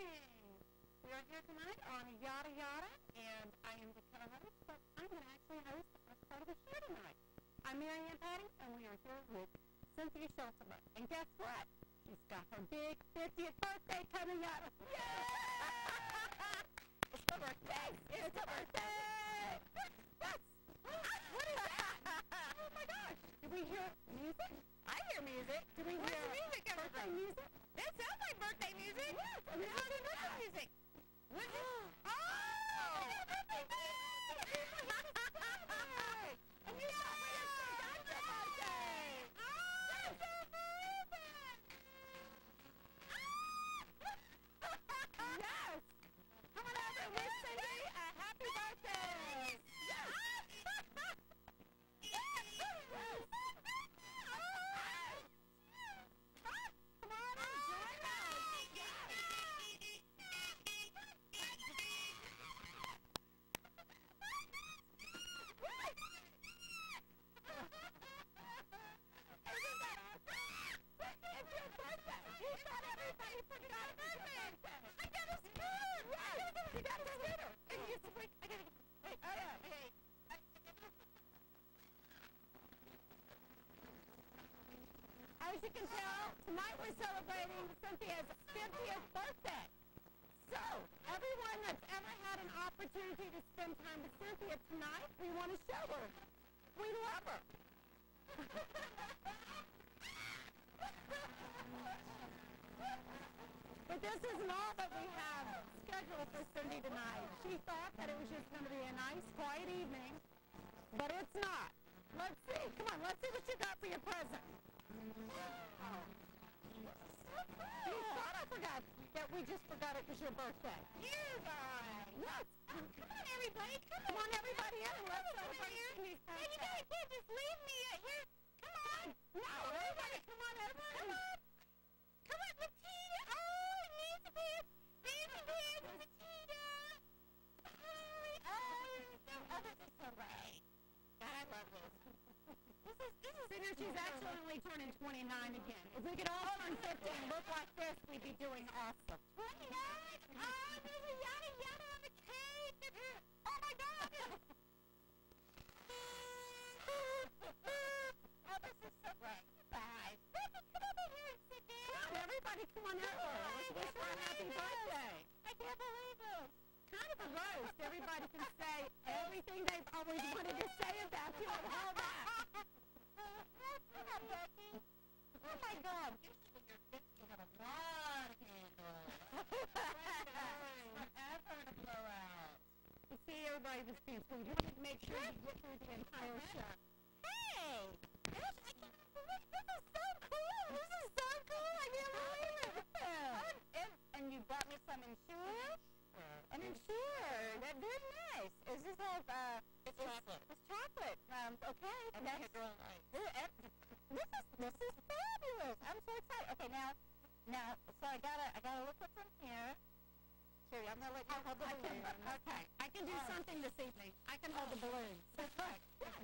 We are here tonight on Yada Yada, and I am the co-host, but I'm going to actually host the first part of the show tonight. I'm Mary Ann Patty, and we are here with Cynthia Schultzman. And guess what? She's got her big 50th birthday coming up. Yay! it's her birthday! It's her birthday! yes! what is that? oh my gosh! Did we hear music? I hear music. Did we Where's the music coming from? Music? Woo! Now the music! What? oh! as you can tell, tonight we're celebrating Cynthia's 50th birthday. So, everyone that's ever had an opportunity to spend time with Cynthia tonight, we want to show her. We love her. but this isn't all that we have scheduled for Cindy tonight. She thought that it was just going to be a nice, quiet evening, but it's not. Let's see. Come on, let's see what you got for your present. You thought I forgot that we just forgot it was your birthday. You guys! Yes! come on, everybody! Come, come on, everybody in! Let's Hey, you guys can't just leave me at your... Come on! everybody! Come on, everybody! Come on! Come on, Matilda! Oh, it needs to be is actually only turning 29 again. If we could all turn 50 and look like this, we'd be doing awesome. 29? Oh, there's a yada yada on the cake. Oh, my God. oh, this is so great. Bye. come over here and sit down. Come on, everybody, come on over. Let's happy birthday. I can't believe it. Kind of a roast. Everybody can say everything they've always wanted to say about you all that. Oh my god. you have a forever You make sure you get through the entire Hey! I this is so cool! This is so cool! I can't believe it! and, and, you bought me some insurance? An That's very nice. like, uh, chocolate. It's chocolate. Um, okay. And that's girl night. This is this is fabulous. I'm so excited. Okay, now now so I gotta I gotta look what's in here. Here, I'm gonna let you I, hold the I balloon. Can, okay. I can do oh. something this evening. I can hold the balloon. That's right. yes.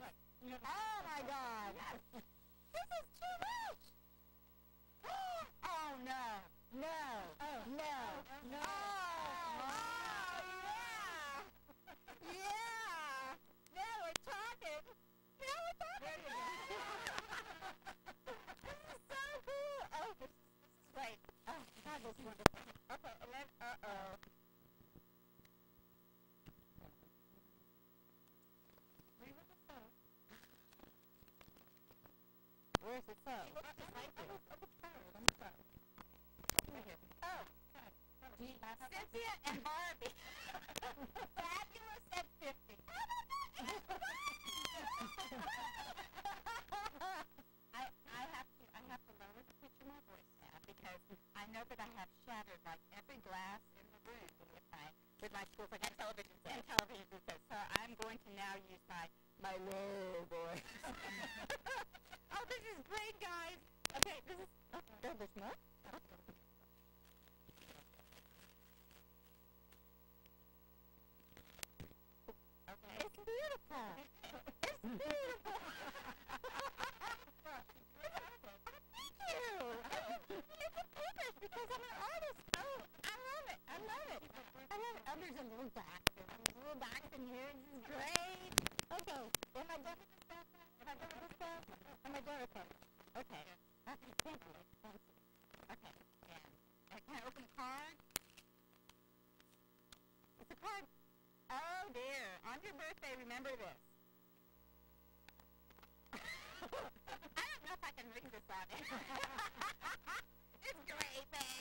Oh my God. Yes. This is too much. oh no. No. Oh no. No. Oh, oh. oh. yeah. yeah okay. Now it's happening. this is so cool. Oh, this, this is great. oh, that was wonderful. Okay, and uh-oh. Where is it so? Oh. Cynthia and Barbie. Fabulous 50. because I know that I have shattered like every glass in the room with my with my school and television set. And television set. So I'm going to now use my my low voice. oh, this is great, guys. Okay, this is oh, no, there's more. Okay. It's beautiful. it's beautiful. because I'm an artist, bro. Oh, I love it. I love it. I love it. Oh, there's a little box. There's a little box in here. This is great. Okay. Am I done with this stuff? Am I done with this stuff? Am I done with it? Okay. thank you. Thank you. Okay. And uh, can I open the card? It's a card. Oh, dear. On your birthday, remember this. I don't know if I can ring this out.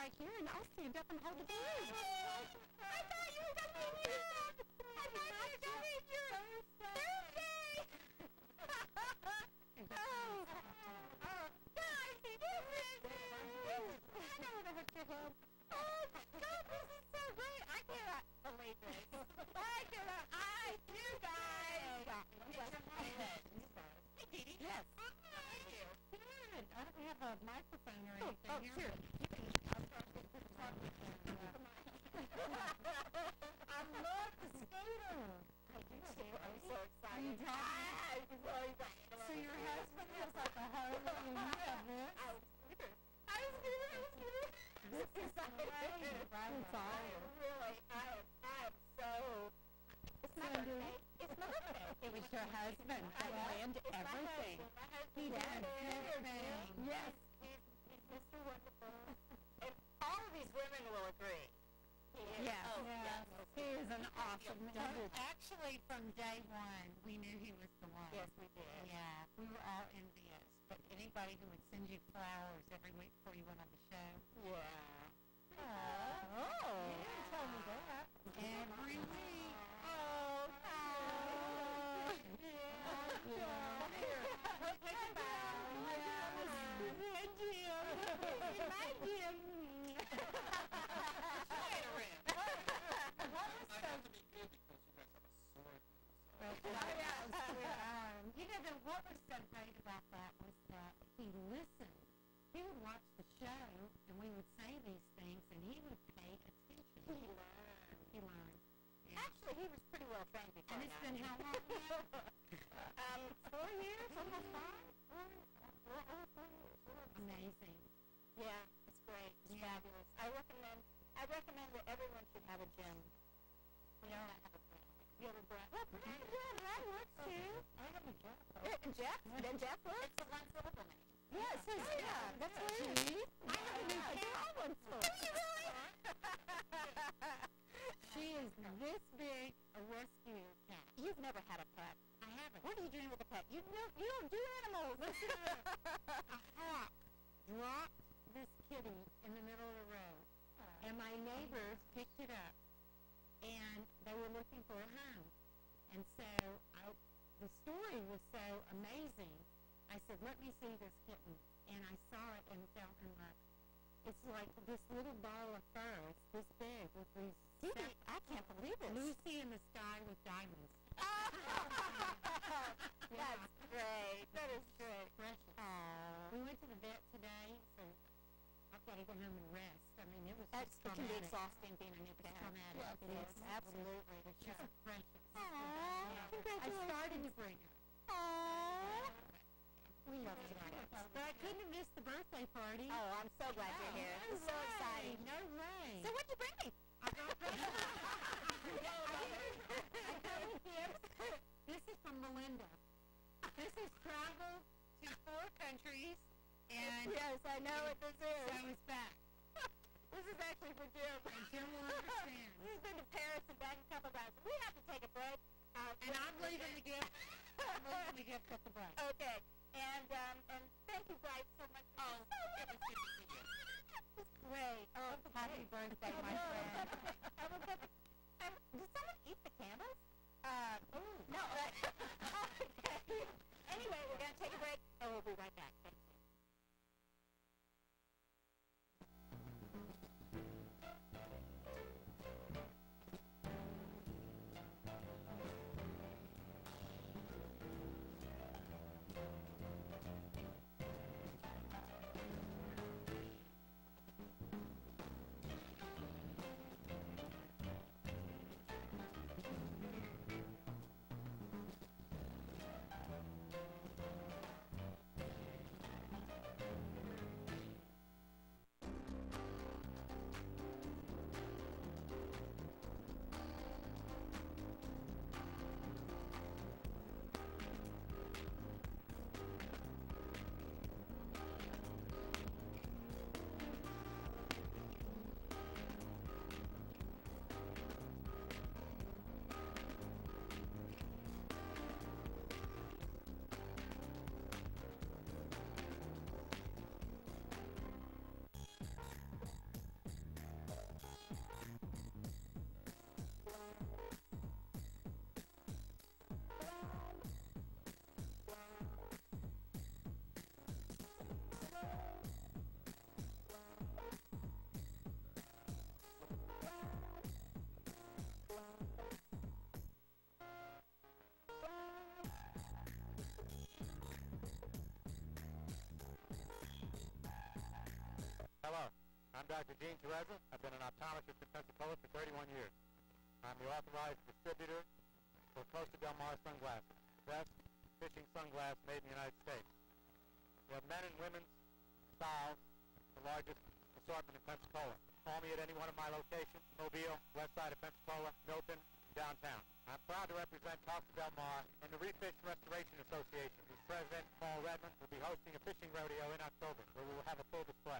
right here, and I'll stand up and hold the balloon. I thought you were going to be here. I thought you were going to be here. Thursday. oh. oh, guys, this is, this is, I know I have to help. Oh, God, this is so great. I cannot believe this. I cannot. I, do, guys. Yes. How Good. I don't have a microphone or anything oh, oh, here. Sure. I love the skating. I do too. I'm so excited. You ah, I'm so excited. So your husband has like a Harley and you have this? I was scared. I was scared. I was scared. This is great. Right. It's all. I am really, I am, I am so. It's my Cindy. birthday. It's my birthday. It was your husband that planned everything. My husband. My husband. He did everything. Yes. women will agree. He yes, oh, yes. yes. He is an awesome man. Actually, from day one, we knew he was the one. Yes, we did. Yeah, we were all envious. But anybody who would send you flowers every week before you went on the show. Yeah. Uh, oh. Yeah, You tell me that. Every week. Oh, Oh. Yeah. yeah. yeah. Here. Look at the Jim. My Jim. My Jim you know, the, what was so great about that was that he listened. He would watch the show, and we would say these things, and he would pay attention. He learned. He learned. Actually, he was pretty well trained before um, four years, Amazing. Yeah great. It's yeah. fabulous. I recommend I recommend that everyone should have a gym. You know, I have a gym. You have a brand. Well, mm-hmm. brand, yeah, that works oh, too. I have a Jeff. and Jeff, then Jeff works. It's the one supplement. Yeah, yeah, so, oh, yeah, yeah that's yeah. what it is. I have a new cat. Do oh, you really? she is this big a rescue cat. You've never had a pet. I haven't. What are you doing with a pet? You don't, you don't do animals. A hat dropped this kitty in the middle of the road. Uh-huh. and my neighbors picked it up, and they were looking for a home. And so I, the story was so amazing. I said, let me see this kitten. And I saw it and fell in love. It's like this little ball of fur. It's this big with these. Did it? I can't believe it. Lucy in the sky with diamonds. yeah. That's great. That is great. Precious. Aww. We went to the vet today, so like went home and rest. I mean, it was That's just traumatic. It can be exhausting being a new dad. It's traumatic. Well, it is. Absolutely. But yeah. a precious. Aww, yeah. congratulations. I started to bring her. Aww. We love you very But I couldn't have missed the birthday party. Oh, I'm so glad oh, you're here. No it's way. so excited. No way. So what'd you bring me? I got This is from Melinda. This is travel to four countries I yes, I know what this is. So it's back. this is actually for Jim. And Jim will understand. He's been to Paris and back a couple times. We have to take a break. Uh, and I'm leaving the gift. I'm leaving the gift at the break. Okay. And um, and thank you guys so much. Oh, it was good to see you. It's great. Oh, happy birthday, my friend. Um, did someone eat the candles? Uh, uh Ooh. no. okay. Anyway, we're gonna take a break, and we'll be right back. Dr. Gene Tereza. I've been an optometrist in Pensacola for 31 years. I'm the authorized distributor for Costa Del Mar sunglasses, best fishing sunglasses made in the United States. We have men and women's styles, the largest assortment in Pensacola. Call me at any one of my locations, Mobile, west side of Pensacola, Milton, downtown. I'm proud to represent Costa Del Mar and the Refish Restoration Association, whose president, Paul Redmond, will be hosting a fishing rodeo in October, where we will have a full display.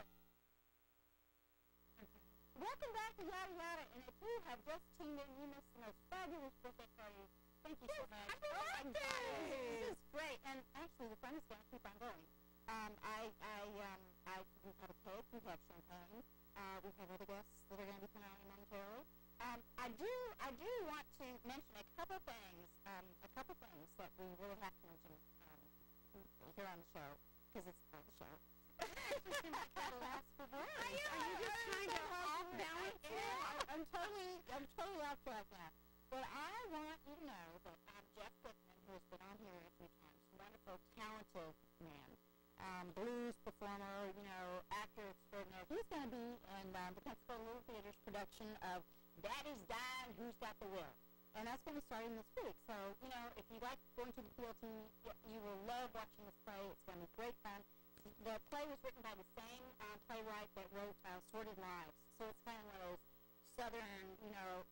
Welcome back to Yada Yada, and if you have just tuned in, you missed the most fabulous birthday party. Thank you yes, so much. Happy oh birthday! This is great, and actually the fun is going to keep on going. Um, I, I, um, I, we've a cake, we've champagne, uh, we've other guests that are going to be coming on momentarily. Um, I do, I do want to mention a couple things, um, a couple things that we really have to mention um, here on the show because it's on the show last for words. Are you, Are you just trying to off balance yeah. I'm totally, I'm totally off But I want you to know that Jeff Pittman, who has been on here a few times, wonderful, talented man, blues performer, you know, actor extraordinaire. He's going to be in the Pensacola Little Theater's production of Daddy's Dying, Who's Got the will? And that's going to be starting this week. So, you know, if you like going to the PLT, you will love watching this play. It's going to be great fun the play was written by the same um, playwright that wrote uh, Sorted Lives. So it's kind of one of those southern, you know,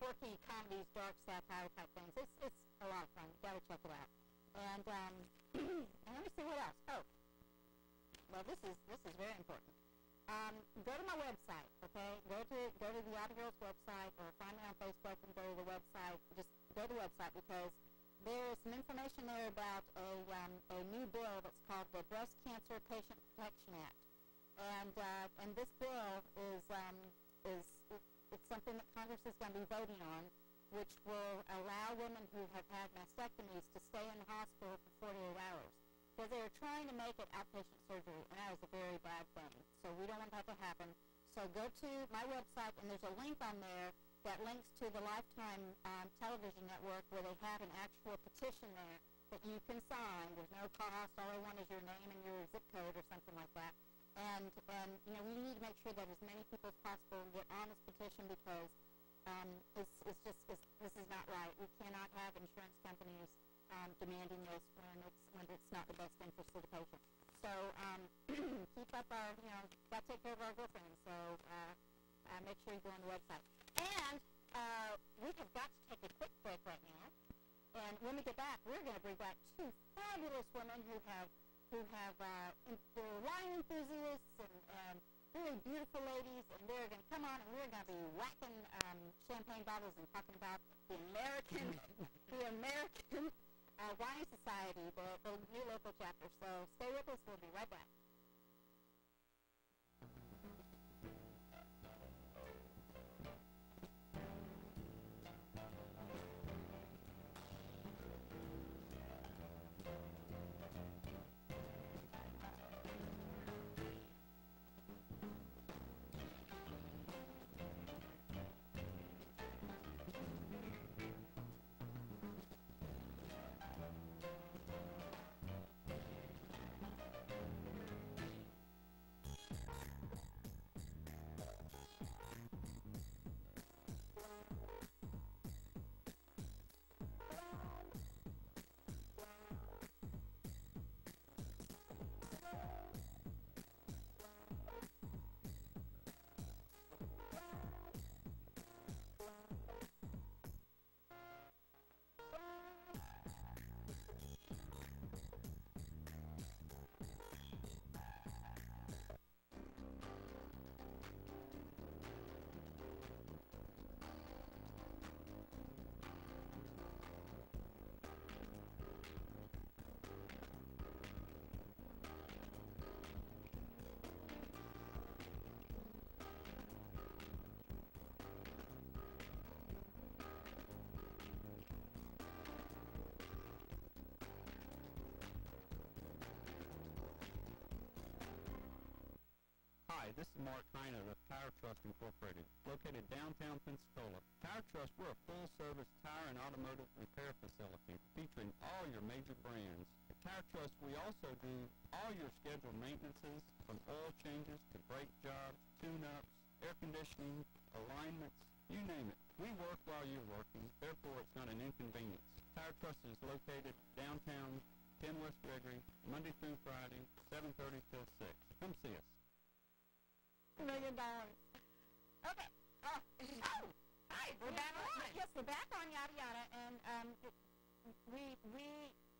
quirky comedies, dark satire type things. It's, it's a lot of fun. You gotta check it out. And, um, and let me see what else. Oh, well, this is this is very important. Um, go to my website, okay? Go to go to the Outer Girls website or find me on Facebook and go to the website. Just go to the website because there's some information there about a, um, a new bill that's called the Breast Cancer Patient Protection Act. And, uh, and this bill is, um, is it, it's something that Congress is going to be voting on, which will allow women who have had mastectomies to stay in the hospital for 48 hours. because they are trying to make it outpatient surgery, and that is a very bad thing. So we don't want that to happen. So go to my website, and there's a link on there that links to the Lifetime um, Television Network where they have an actual petition there that you can sign. There's no cost. All I want is your name and your zip code or something like that. And, and you know, we need to make sure that as many people as possible get on this petition because um, it's, it's just, it's, this is not right. We cannot have insurance companies um, demanding this when it's, when it's not the best interest of the patient. So um, keep up our, you know, got to take care of our girlfriends. So uh, uh, make sure you go on the website. And uh, we have got to take a quick break right now. And when we get back, we're going to bring back two fabulous women who have who have uh, wine enthusiasts and um, really beautiful ladies, and they're going to come on and we're going to be whacking um, champagne bottles and talking about the American the American uh, Wine Society, the, the new local chapter. So stay with us. We'll be right back. this is Mark Heiner of Tire Trust Incorporated, located downtown Pensacola. Tire Trust, we're a full-service tire and automotive repair facility featuring all your major brands. At Tire Trust, we also do all your scheduled maintenances, from oil changes to brake jobs, tune-ups, air conditioning, alignments, you name it. We work while you're working, therefore it's not an inconvenience. Tire Trust is located downtown 10 West Gregory, Monday through Friday, 7.30 till 6. Come see us million dollars. Okay. Uh, oh, hi, we're back on. Yes, we're back on yada yada, and um, we we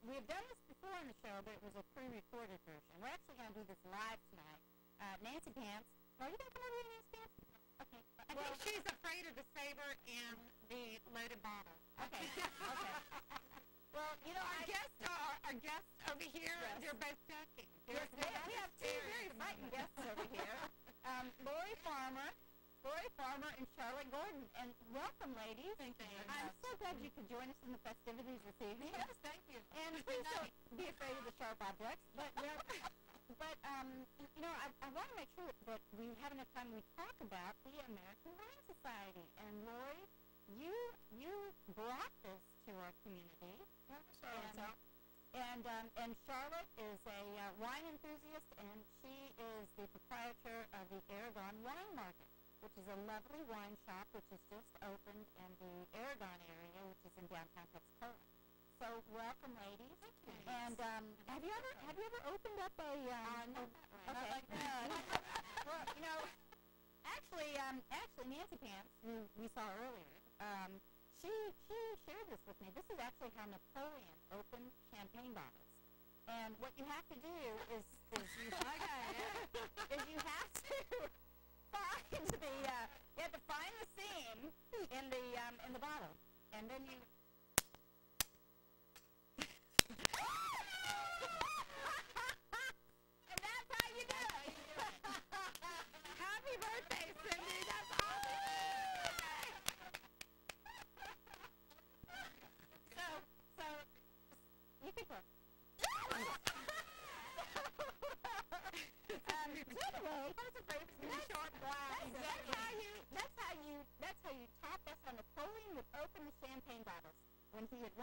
we have done this before in the show, but it was a pre-recorded version. We're actually going to do this live tonight. Uh, Nancy Pants, are you going to come over to Nancy Pants? Okay. I well, think she's afraid of the saber and the loaded bottle. Okay. okay. Well, you know, our I guests are our guests over here. Yes. They're both ducking. yes, we have two very frightened guests over here um, Lori Farmer, Lori Farmer and Charlotte Gordon. And welcome, ladies. Thank you. I'm so glad you could join us in the festivities this evening. Yes, thank you. And please don't be afraid of the sharp objects. But, but um, you know, I, I want to make sure that we have enough time to talk about the American Wine Society. And Lori, you you brought this to our community. Yeah, so, and so. And, um, and Charlotte is a uh, wine enthusiast, and she is the proprietor of the Aragon Wine Market, which is a lovely wine shop which is just opened in the Aragon area, which is in downtown Texas. So welcome, ladies. Thank you. And um, have you ever have you ever opened up a? Um, uh, not okay. like that. well, you know, actually, um, actually, Nancy Pants, who we saw earlier, um, she, she shared this with me. This is actually how Napoleon opened champagne bottles. And what you have to do is, is you, is you have to find the, uh, you have to find the seam in the, um, in the bottle. And then you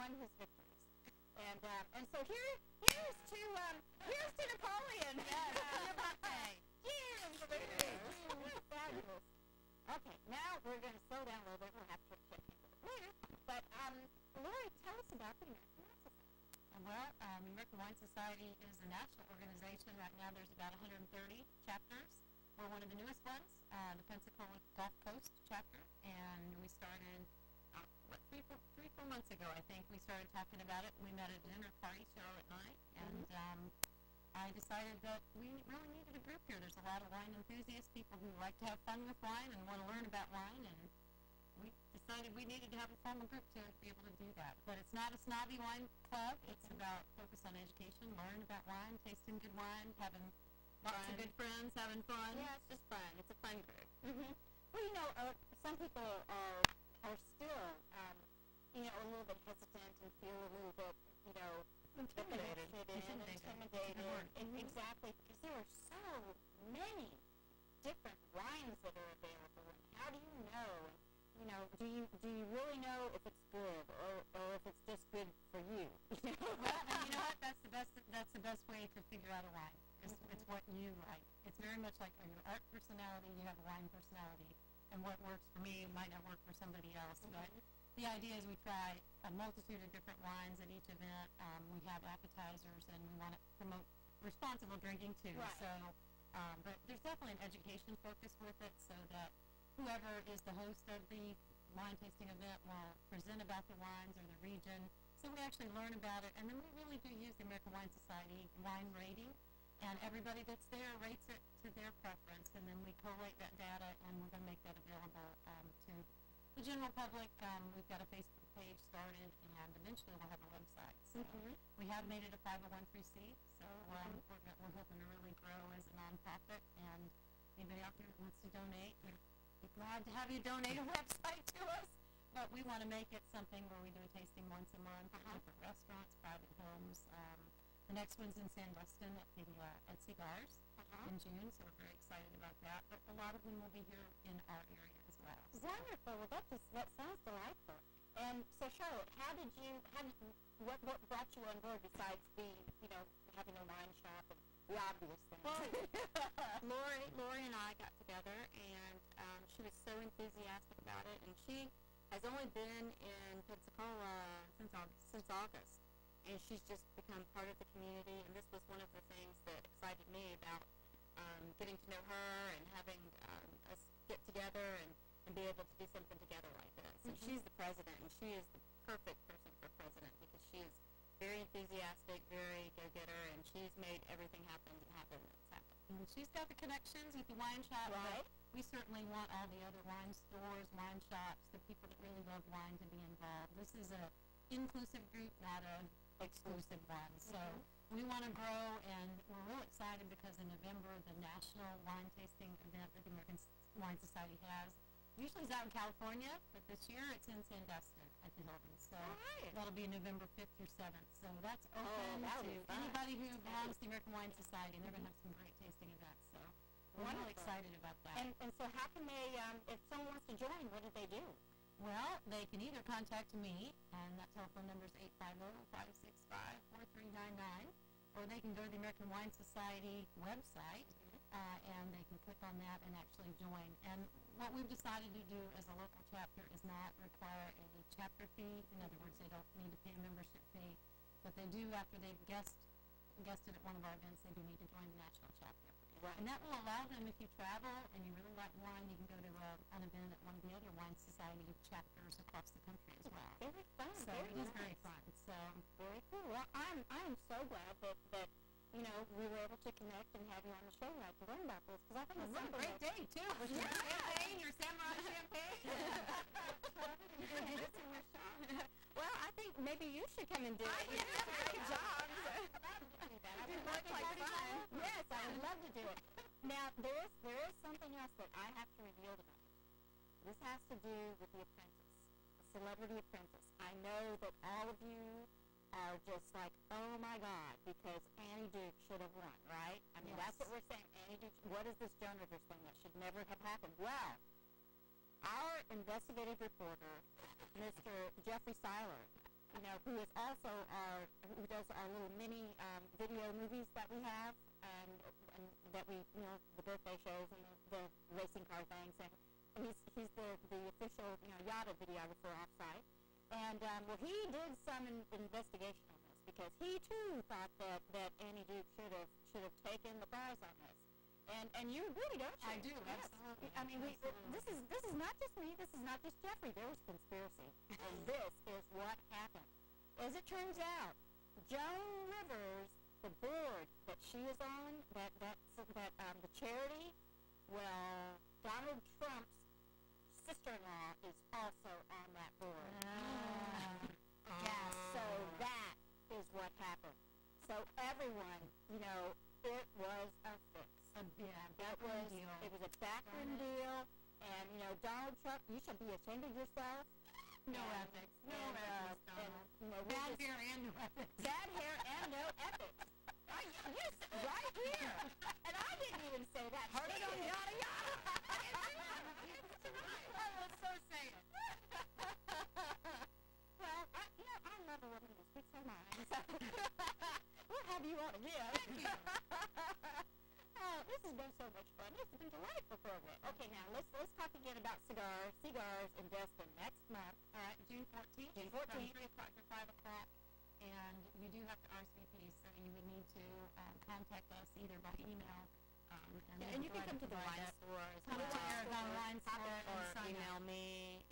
won his victories. And um, and so here here's to um, here's to Napoleon. Fabulous. Okay, now we're going to slow down a little bit. We'll have to check later. But um, Lori, tell us about the American Wine Society. Well, um, American Wine Society is a national organization. Right now, there's about 130 chapters. We're one of the newest ones, uh, the Pensacola Gulf Coast chapter, and we started three, four, three, four months ago, I think, we started talking about it. We met at a dinner party, Charlotte and I, mm-hmm. and um, I decided that we really needed a group here. There's a lot of wine enthusiasts, people who like to have fun with wine and want to learn about wine, and we decided we needed to have a formal group to be able to do that. But it's not a snobby wine club. It's about focus on education, learn about wine, tasting good wine, having lots fun. of good friends, having fun. Yeah, it's just fun. It's a fun group. Mm-hmm. Well, you know, uh, some people are are still um, you know, a little bit hesitant and feel a little bit, you know, intimidated, intimidated, intimidated and mm-hmm. exactly because there are so many different wines that are available. how do you know? you know, do you do you really know if it's good or, or if it's just good for you? you know, well, you know what? That's the best. That's the best way to figure out a wine. It's, mm-hmm. it's what you like. It's very much like your art personality. You have a wine personality, and what works for me might not work for somebody else. Mm-hmm. But the idea is we try a multitude of different wines at each event. Um, we have appetizers, and we want to promote responsible drinking too. Right. So, um, but there's definitely an education focus with it, so that whoever is the host of the wine tasting event will present about the wines or the region. So we actually learn about it, and then we really do use the American Wine Society wine rating, and everybody that's there rates it to their preference, and then we collate that data, and we're going to make that available um, to the general public, um, we've got a Facebook page started, and eventually we'll have a website. So mm -hmm. We have made it a 501c, so um, mm -hmm. we're, mm-hmm. we're hoping to really grow as a nonprofit. And anybody out there that wants to donate, we'd be glad to have you donate a website to us. But we want to make it something where we do a tasting once a month uh -huh. at mm-hmm. restaurants, private homes. Um, the next one's in San Sandweston at the uh, at Cigars uh -huh. in June, so we're very excited about that. But a lot of them will be here in our area well. Wonderful. Well, that just that sounds delightful. And so, Charlotte, how did you? How did what, what brought you on board besides the you know having a wine shop and the obvious thing? Well, Lori, Lori and I got together, and um, she was so enthusiastic about it, and she has only been in Pensacola since August. Since August and she's just become part of the community. And this was one of the things that excited me about um, getting to know her and having um, us get together and and be able to do something together like this. Mm-hmm. And she's the president, and she is the perfect person for president because she is very enthusiastic, very go-getter, and she's made everything happen happen happened. And she's got the connections with the wine shop. Right. We certainly want all the other wine stores, wine shops, the people that really love wine to be involved. This is a inclusive group, not an exclusive one. So mm-hmm. we want to grow, and we're real excited because in November, the National Wine Tasting event that the American Wine Society has usually it's out in California, but this year it's in Sandusky at the Hilton. So right. that'll be November 5th through 7th. So that's oh, open oh, to anybody who belongs to the American Wine Society, and they're going to have some great tasting events. So we're really excited about that. And, and so how can they, um, if someone wants to join, what do they do? Well, they can either contact me, and that telephone number is 850-565-4399, or they can go to the American Wine Society website, uh, and they can click on that and actually join. And what we've decided to do as a local chapter is not require a chapter fee. In other words, they don't need to pay a membership fee, but they do after they've guest guested at one of our events, they do need to join the national chapter. Right. And that will allow them, if you travel and you really like wine, you can go to a, uh, an event at one of the other wine society chapters across the country as well. Very fun. So very it nice. is very fun. So very cool. Well, I'm I'm so glad that that you know, we were able to connect and have you on the show and I can learn about this. Because I think it's a great day, too, with yeah. your champagne, your samurai champagne. well, I think maybe you should come and do I it. I think a great job. Yes, I would love to do it. Now, there is, there is something else that I have to reveal tonight. This has to do with The Apprentice, The Celebrity Apprentice. I know that all of you are just like, oh my God, because Annie Duke should have won, right? I mean, yes. that's what we're saying. Annie Duke, what is this Jonathon thing that should never have happened? Well, our investigative reporter, Mr. Jeffrey Seiler, you know, who is also our, who does our little mini um, video movies that we have, and, and that we, you know, the birthday shows and the, the racing car things, and he's, he's the, the official, you know, Yada videographer offsite. And um, well, he did some in investigation on this because he too thought that, that Annie Duke should have should have taken the prize on this. And and you agree, don't you? I do. Yes. Absolutely. I mean, we, this is this is not just me. This is not just Jeffrey. There was a conspiracy, and this is what happened. As it turns out, Joan Rivers, the board that she is on, that that that um, the charity, well, Donald Trump sister-in-law is also on that board. Ah. yeah, so that is what happened. So everyone, you know, it was a fix. Um, yeah, that was deal. it was a backroom deal, and you know, Donald Trump, you should be ashamed of yourself. No and ethics. No and, ethics. Uh, and, you know, bad hair and no ethics. Bad hair and no ethics. Right, yes, right here. and I didn't even say that. Heard it on yada yada. just saying. well, I, you know, I love a woman who speaks her mind. we'll have you on again. oh, this has been so much fun. This has been delightful program. Okay, now let's let's talk again about cigars, cigars and Destin next month. All right, June 14th. June 14th. From 3 o'clock to 5 o'clock and you do have to RSVP, so you would need to um, contact us either by email. Um, and, yeah, and you can come to the wine store Come to the wine store, or, or, or, or, or, or, or, or, or, or, or, or, or, or,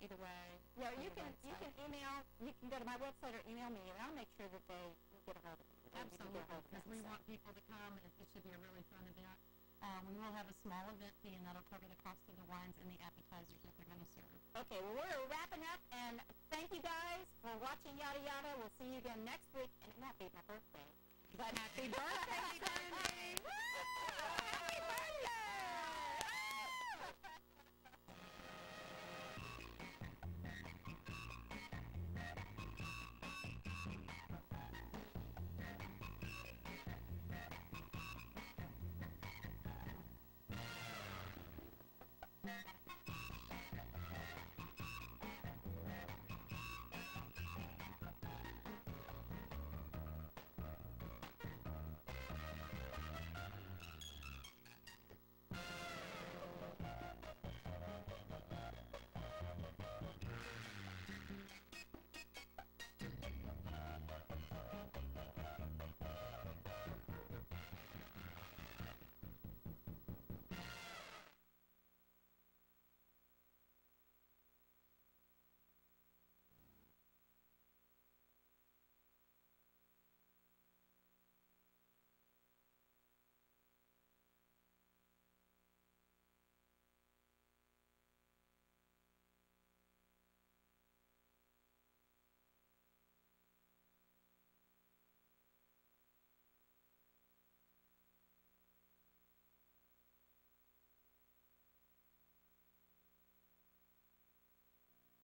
either way. Yeah, you can you can email. You can go to my website or email me, and I'll make sure that they get a hold of it. Absolutely, because we want people to come, and it should be a really fun event. Um, we will have a small event fee, and that'll cover the cost of the wines and the appetizers that they're going to serve. Okay, well, we're wrapping up, and thank you guys for watching Yada Yada. We'll see you again next week, and it might be my birthday, but happy birthday, Brandy!